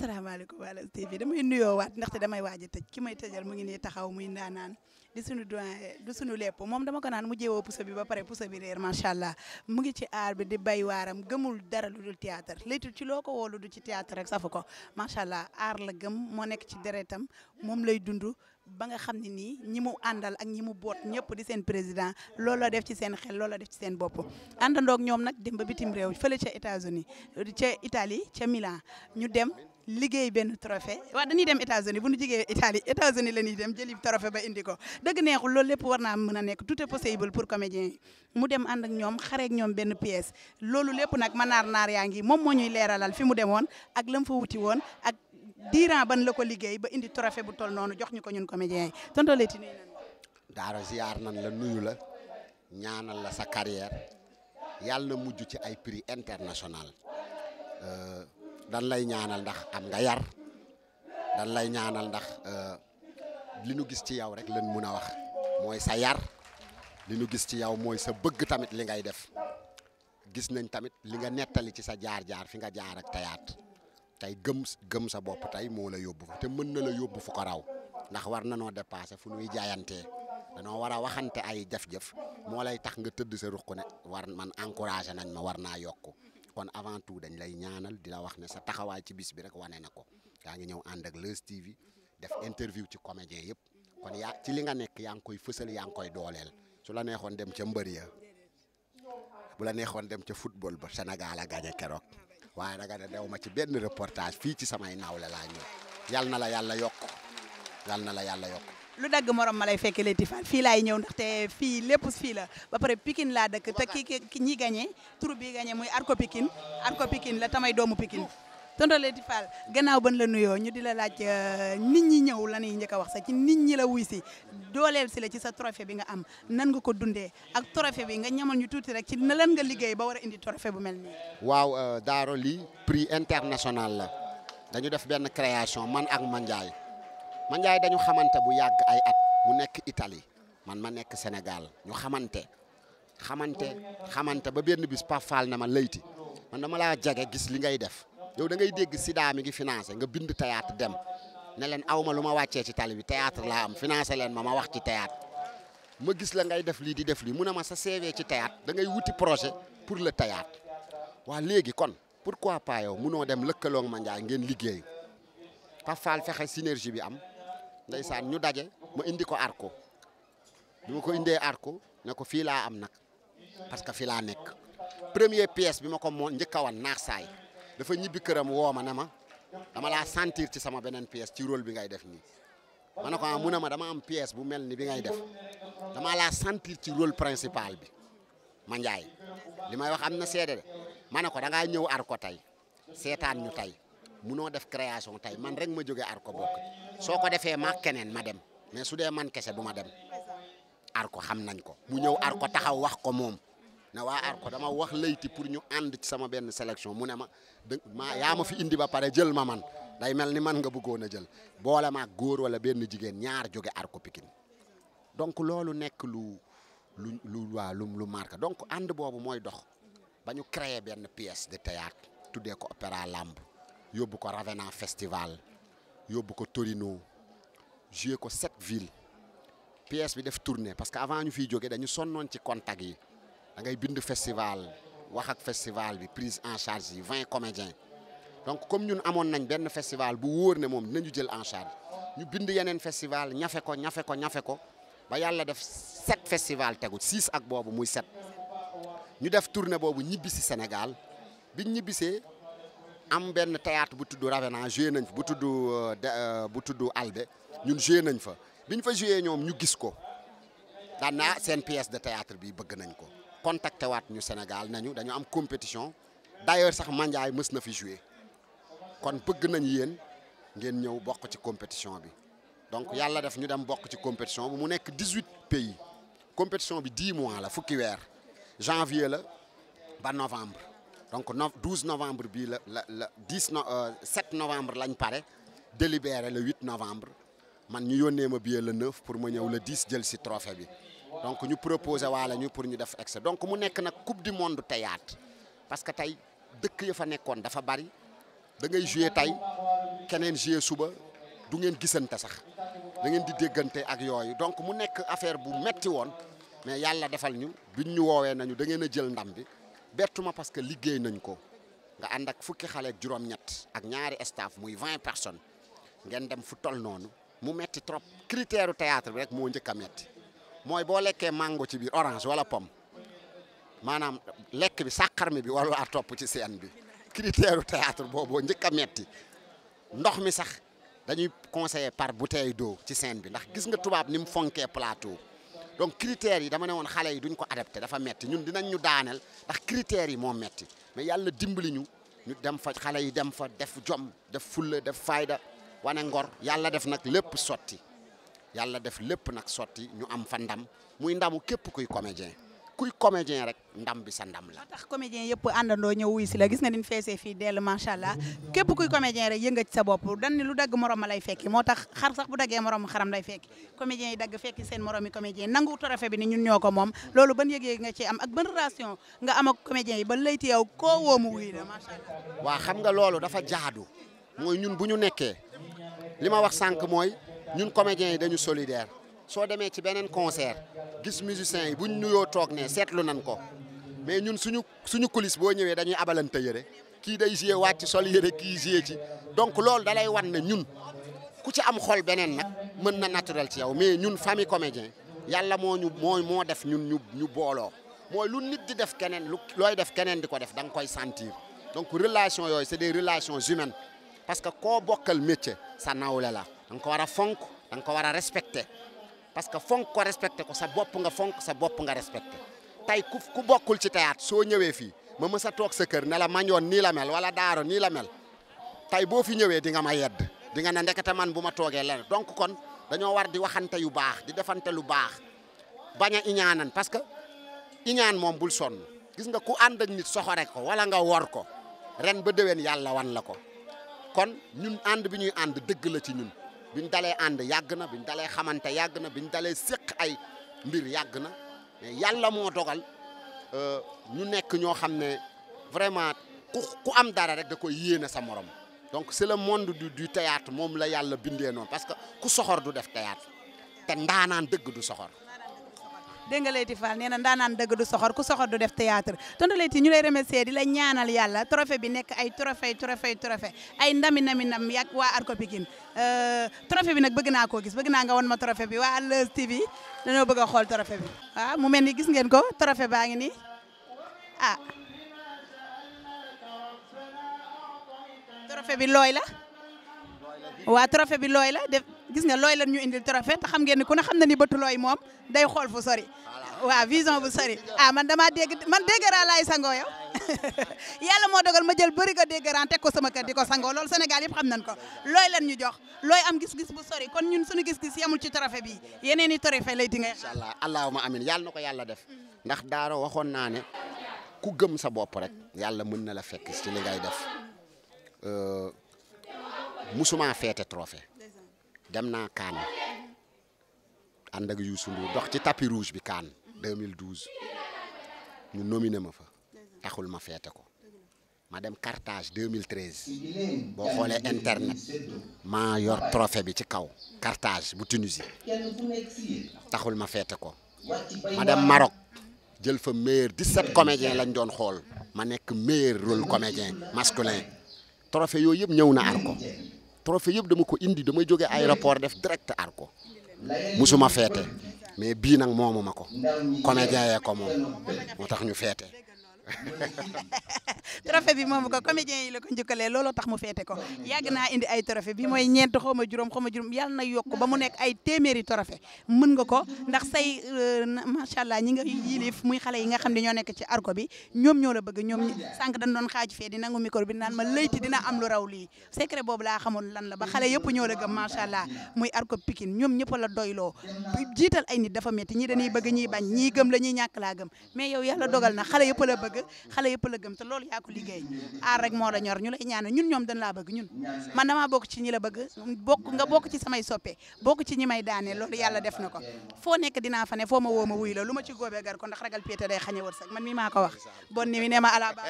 salaamaaleykum waa Leuz TV damay nuyoo waat ndaxte damay waaj a tëj ki may tëjal mu ngi nii taxaw muy ndaanaan di sunu doyen di suñu lépp moom dama ko naan mu jéewoo puso bi ba pare puso bi réer macha allah mu ngi ci aar bi di bay waaram gëmul dara lu dul théâtre léytul ci loo ko woo lu dul ci théâtre rek safu ko macha allah aar la gëm moo nekk ci deretam moom lay dund ba nga xam ni nii ñi mu àndal ak ñi mu boot ñëpp di seen président looloo def ci seen xel looloo def ci seen bopp àndandoog ñoom nag dem ba bitim réew fële ca États-Unis ca Italie ca Milan ñu dem liggéey benn trophée waaw dañuy dem États-Unis bu nu jigee Italie États-Unis la ñuy dem jëli trophée ba indi ko dëgg neexul loolu lépp war naa mën a nekk tout est possible pour comédien yi mu dem ànd ak ñoom xareek ñoom benn pièce loolu lépp nag ma naar naar yaa ngi moom moo ñuy leeralal fi mu demoon ak lam fa wuti woon ak diiran ban la ko liggéey ba indi trophée bu tol noonu jox ñu ko ñun comédien yi tonto Leyti nuyu nan daara ziar nan la nuyu la ñaanal la sa carrière yàlla na mujj ci ay prix international euh, dan lay ñaanal ndax am nga yar dan lay ñaanal ndax euh, li nu gis ci yow rek lañ mun a wax mooy sa yar li nu gis ci yow mooy sa bëgg tamit li ngay def gis nañ tamit li nga nettali ci sa jaar-jaar fi nga jaar ak tayaat tey gëm gëm sa bopp tey moo la yóbbu te mën na la yóbbu fu ko raw ndax war na noo dépassé fu nuy jaayantee danoo war a waxante ay jëf-jëf moo lay tax nga tëdd sa ruq ne war man encouragé nañ ma war naa yokk kon avant tout dañ lay ñaanal di la wax ne sa taxawaay ci bis bi rek wane na ko yaa ngi ñëw ànd ak Leuz TV def interview ci comédien yëpp kon yaa ci linga nekk yaa ngi koy fësal yaa ngi koy dooleel su la neexoon dem ca mbër ya bu la neexoon dem ca football ba Sénégal a gagné keroog waaye da nga ne dew ma ci benn reportage fii ci samay nawle laa ñëw yal na la yàlla yokk yal na la yàlla yokk. lu dagg morom ma lay fekke leeti faal fii laay ñëw ndaxte fii lépp fii la ba pare pikin laa dëkk te ki ñi gagné tur bi gagné muy Arko Pikine Arko Pikine la tamay doomu Pikine tonton Leyti Fall gannaaw ban la nuyoo ñu di la laaj euh, nit ñi ñëw la ñuy njëkk a wax sax ci nit ñi la wuy si dooleel si la ci sa trophée bi nga am nan nga ko dundee ak trophée bi nga ñamal ñu tuuti rek ci na leen nga liggéey ba war a indi trophée bu mel nii. waaw euh, Daaro lii prix international la dañu def benn création man ak Mandiaye man Ndiaye dañu xamante bu yàgg ay at mu nekk itali man ma nekk Sénégal ñu xamante xamante xamante ba benn bis Pape na ma layti man ma laa jege gis li ngay def yow da ngay dégg Sida mi ngi financé nga bind théâtre dem ne leen aw ma lu ma wàccee ci tali bi théâtre laa am financé leen ma ma wax ci théâtre ma gis la ngay def lii di def lii mu ne ma sa CV ci théâtre dangay wuti projet pour le théâtre waa léegi kon pourquoi pas yow munoo dem lëkkaloog ma Ndiaye ngeen liggéey Pape Fall fexe synergie bi am ndeysaan ñu daje ma indi ko aar ko bi ma ko indee aar ko ne ko fii laa am nag parce que fii laa nekk premier pièce bi ma ko moo njëkk a wan naax saay dafa ñibbi këram woo ma ne ma dama laa sentir ci sama beneen pièce ci rôle bi ngay def nii ma ne ko ah mu ne ma dama am pièce bu mel ni bi ngay def dama laa santir ci rôle principal bi ma njaay li may wax am na seede de ma ne ko da ñëw aar ko tey seetaan ñu tey noo def création tey man rek ma joge ar ko bokk soo ko defee maa keneen ma dem mais su dee man kese du ma dem arko ko xam nañ ko mu ñëw ar ko taxaw wax ko moom na waa arko dama wax layti pour ñu ànd ci sama benn sélection mu ne ma ma yaa ma fi indi ba pare jël ma man day mel ni man nga bëggoon a jël boole maag góor wala benn jigéen ñaar jóge ar ko pikin donc loolu nekk lu lu lu waa lu lu marqué donc ànd boobu mooy dox ba ñu créer benn pièce de théâtre tuddee ko opéra lamb yóbbu ko Ravenna festival yóbbu ko Torino joué ko sept ville pièce bi def tournée parce que avant ñu fiy jógee dañu sonnoon ci contact yi da ngay bind festival wax ak festival bi prise en charge yi vingt comédiens donc comme ñun amoon nañ benn festival bu wóor ne moom dinañu jël en charge ñu bind yeneen festival ñafe ko ñafe ko ñafe ko ba yàlla def set festival tegu six ak boobu muy set ñu def tournée boobu ñibbi si Sénégal biñ ñibbisee am benn théâtre bu tudd Ravenant joué nañ fa bu tudd euh, euh, bu tudd Albé ñun joué nañ fa bi ñu fa joué ñoom ñu gis ko daan naa seen pièce de théâtre bi bëgg nañ ko contacté waat ñu Sénégal nañu dañu am compétition d'ailleurs sax Mandiaye mës na fi joué kon bëgg nañ yéen ngeen ñëw bokk ci compétition bi donc yàlla def ñu dem bokk ci compétition bi mu nekk dix 18 pays compétition bi 10 mois la fukki weer janvier la ba novembre donc no 12 novembre bii la la la 10 no 7 euh, novembre lañ pare délibéré le 8 novembre man ñu yónnee ma billet le 9 pour ma ñëw la 10 jël si trophée bi donc ñu proposé waa ñu pour ñu def excès donc mu nekk nag coupe du monde théâtre parce que tey dëkk ya fa nekkoon dafa bari da ngay joué tey keneen joué suba du ngeen gisante sax da ngeen di déggante ak yooyu donc mu nekk affaire bu metti woon mais yàlla defal ñu biñ ñu woowee nañu da ngeen a jël ndam bi. betuma parce que liggéey nañ ko nga ànd ak fukki xale ak juróom-ñett ak ñaari staff muy vingt personnes ngeen dem fu tol noonu mu metti trop critère théâtre bi rek moo njëkk a metti mooy boo lekkee mango ci biir orange wala pomme maanaam lekk bi sàqar mi bi wala a topp ci scène bi critère théâtre booboo njëkk a metti ndox mi sax dañuy conseiller par bouteille doo ci seen bi ndax gis nga tubaab ni mu fonkee plateau donc critères yi dama ne woon xale yi duñ ko adapté dafa metti ñun dinañ ñu daaneel ndax critères yi moo metti mais yàlla dimbali ñu ñu dem fa xale yi dem fa def jom def fulla def fayda wane ngor yàlla def nag lépp sotti yàlla def lépp nag sotti ñu am fa ndam muy ndamu képp kuy comédien kuy comédien rek ndam bi sa ndam la. tax comédien yëpp àndandoo ñëw wuy si la gis nga ni feesee fii dellu macha allah képp kuy comédien rek yënga ci sa bopp dan ni lu dagg morom ma lay fekki moo tax xar sax bu daggee morom xaram lay fekki comédien yi dagg fekki seen morom yi nangu trophée bi ni ñun ñoo ko moom loolu ban yëg-yëg nga ci am ak ban relation nga am ak yi ba layti yow koo woomu wuy la waa xam nga loolu dafa jaadu mooy ñun li ma wax sànq mooy ñun comédien yi dañu solidaire soo demee ci beneen concert gis musiciens yi buñ nuyoo toog ne seetlu nañ ko mais ñun suñu suñu coulisse boo ñëwee dañuy abalante yëre kii day jouer wàcc sol yëre kii jouer ci donc loolu dalay wan ne ñun ku ci am xol beneen nag mën na naturel ci yow mais ñun famille comédien yàlla moo ñu moo moo def ñun ñu ñu booloo mooy lu nit di def keneen lu looy def keneen di ko def da nga koy sentir donc relation yooyu c'est des relation humaines parce que koo bokkal métier sa nawle la da ko war a fonk da ko war a respecter parce que fonk ko respecté ko sa bopp nga fonk sa bopp nga respecté tey ku ku bokkul ci théâtre soo ñëwee fii ma mës a toog sa kër ne la mañoon nii wala daaro nii la mel tey boo fi ñëwee di nga ma yedd di nga ne ndekete man bu ma toogee leneen donc kon dañoo war di waxante yu baax di defante lu baax bañ a iñaanan parce que iñaan moom bul sonn gis nga ku ànd ak nit soxore ko wala nga wor ko ren ba déwén yàlla wan la ko kon ñun ànd bi ñuy ànd dëgg la ci ñun bi dalee ànd yàgg na bi ñu dalee xamante yàgg na bi ñu dalee séq ay mbir yàgg na mais yàlla moo dogal euh, ñu nekk ñoo xam ne vraiment ku am dara rek da koy na sa morom donc c'est le monde du du théâtre moom la yàlla bindee noonu parce que ku soxor du def théâtre te ndaanaan dëgg du soxor dégg nga Leyti Fall nee na ndaanaan dëgg du soxor ku soxor du def théâtre tonton Leyti ñu lay remercier di la ñaanal yàlla trophée bi nekk ay trophée trophée trophée ay ndami ndami ndam yàgg waa Arko Pikine euh, bi nag bëgg naa koo gis bëgg naa nga won ma trophée bi waa Leuz TV dañoo bëgg a xool trophée bi waaw ah, mu mel ni gis ngeen ko trophée baa ngi nii ah trophée bi looy la waa trophée bi looy la def gis nga looy len ñu indil trophée te xam ngeen ni ku ne xam ni bëtu looy moom day xool fu sori. waaw vision bu sori a ah, man damaa dégg man déggaraa laay sangoo yow yàlla moo dogal ma jël bëri ko déggaraan tek ko sama kër di ko sangoo lool Sénégal yëpp xam nañ ko looy lan ñu jox looy am gis-gis bu sori kon ñun suñu gis-gis yemul ci trophée bi yeneeni i lay di ngay incha allah allahuma amin yàlla na ko yàlla def ndax daaro waxoon naa ne ku gëm sa bopp rek yàlla mën na la fekk ci li ngay def euh, musuma dem naa kaan ànd ak Youssou Ndour ci tapis rouge bi kaan 2012 ñu nominé ma fa taxul ma feete ko ma dem Carthage 2013 boo xoolee internet ma yor trophée bi ci kaw Carthage bu Tunisie taxul ma feete ko ma dem Maroc jël fa meilleur 17 comédien lañ doon xool ma nekk meilleur rôle comédien masculin trophée yooyu yëpp ñëw na ar ko trophée yëpp dama ko indi damay jóge aéroport def direct ar ko musuma feete mais bii nag moomu ma ko comédien yee ko moom moo tax ñu feete trophée bi moom ko comédien yi la ko njëkkalee looloo tax mu feete ko yàgg naa indi ay trophée bi mooy ñeent xaw ma juróom xaw ma juróom yàlla na yokk ba mu nekk ay téeméeri trophée mën nga ko ndax say euh, macha allah ñi nga yilif muy xale yi nga xam ne ñoo nekk ci arko bi ñoom ñoo la bëgg ñoom sànq dañ doon xaaj fee di nangu micro bi naan ma layti dina am lu raw lii secret boobu laa xamoon lan la ba xale yëpp ñoo la gëm macha allah muy arko Pikine ñoom ñëpp la doyloo jiital ay nit dafa métti ñi dañuy bëgg ñiy bañ la ñuy ñàkk laa xale yëpp la gëm te loolu yaa ko liggéey aar rek moo la ñor ñu lay ñaanal ñun ñoom dañ laa bëgg ñun man damaa bokk ci ñi la bëgg bokk nga bokk samay soppe bokk ñi may daanee loolu yàlla def na ko foo nekk dinaa fa ne foo ma woo ma wuyu la ma ci góobee gar ko ndax ragal a day xañe wërsëg man mi maa ko wax bon ni mi ne ma ala ba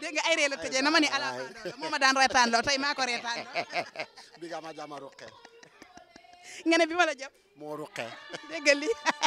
dégg na ma ni ala ba moo ma daan reetaan loo tey maa ko reetaan bi nga ma jama ruqee nga ma la jàpp moo ruqee dégg